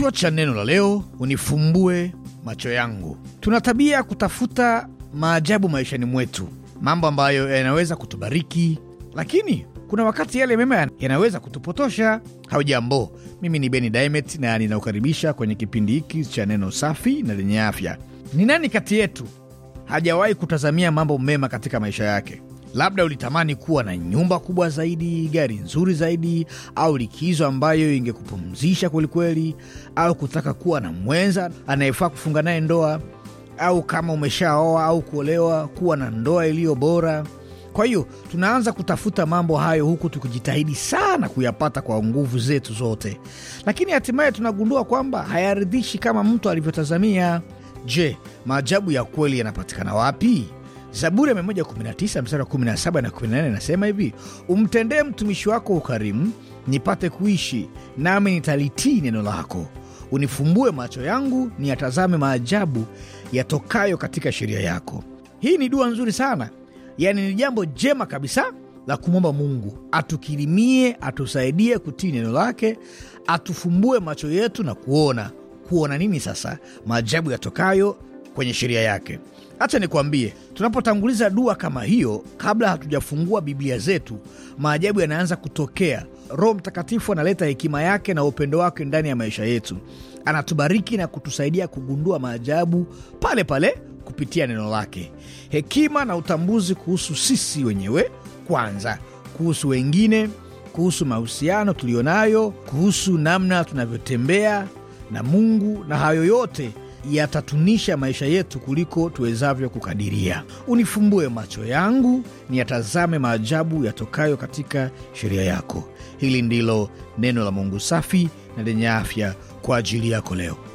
Kichwa cha neno la leo: unifumbue macho yangu. Tuna tabia ya kutafuta maajabu maishani mwetu, mambo ambayo yanaweza kutubariki, lakini kuna wakati yale mema yanaweza kutupotosha. Haujambo, mimi ni Beni Dimet na ninakukaribisha kwenye kipindi hiki cha neno safi na lenye afya. Ni nani kati yetu hajawahi kutazamia mambo mema katika maisha yake? Labda ulitamani kuwa na nyumba kubwa zaidi, gari nzuri zaidi, au likizo ambayo ingekupumzisha kwelikweli, au kutaka kuwa na mwenza anayefaa kufunga naye ndoa, au kama umeshaoa au kuolewa, kuwa na ndoa iliyo bora. Kwa hiyo tunaanza kutafuta mambo hayo huku tukijitahidi sana kuyapata kwa nguvu zetu zote, lakini hatimaye tunagundua kwamba hayaridhishi kama mtu alivyotazamia. Je, maajabu ya kweli yanapatikana wapi? Zaburi ya 119 mstari wa 17 na 18 inasema hivi: umtendee mtumishi wako ukarimu, nipate kuishi, nami nitalitii neno lako. Unifumbue macho yangu, niyatazame maajabu yatokayo katika sheria yako. Hii ni dua nzuri sana, yaani ni jambo jema kabisa la kumwomba Mungu atukirimie, atusaidie kutii neno lake, atufumbue macho yetu na kuona. Kuona nini sasa? Maajabu yatokayo kwenye sheria yake. Hacha nikuambie, tunapotanguliza dua kama hiyo, kabla hatujafungua Biblia zetu, maajabu yanaanza kutokea. Roho Mtakatifu analeta hekima yake na upendo wake ndani ya maisha yetu, anatubariki na kutusaidia kugundua maajabu pale pale kupitia neno lake, hekima na utambuzi kuhusu sisi wenyewe kwanza, kuhusu wengine, kuhusu mahusiano tuliyo nayo kuhusu namna tunavyotembea na Mungu, na hayo yote yatatunisha maisha yetu kuliko tuwezavyo kukadiria. Unifumbue macho yangu, niyatazame maajabu yatokayo katika sheria yako. Hili ndilo neno la Mungu safi na lenye afya kwa ajili yako leo.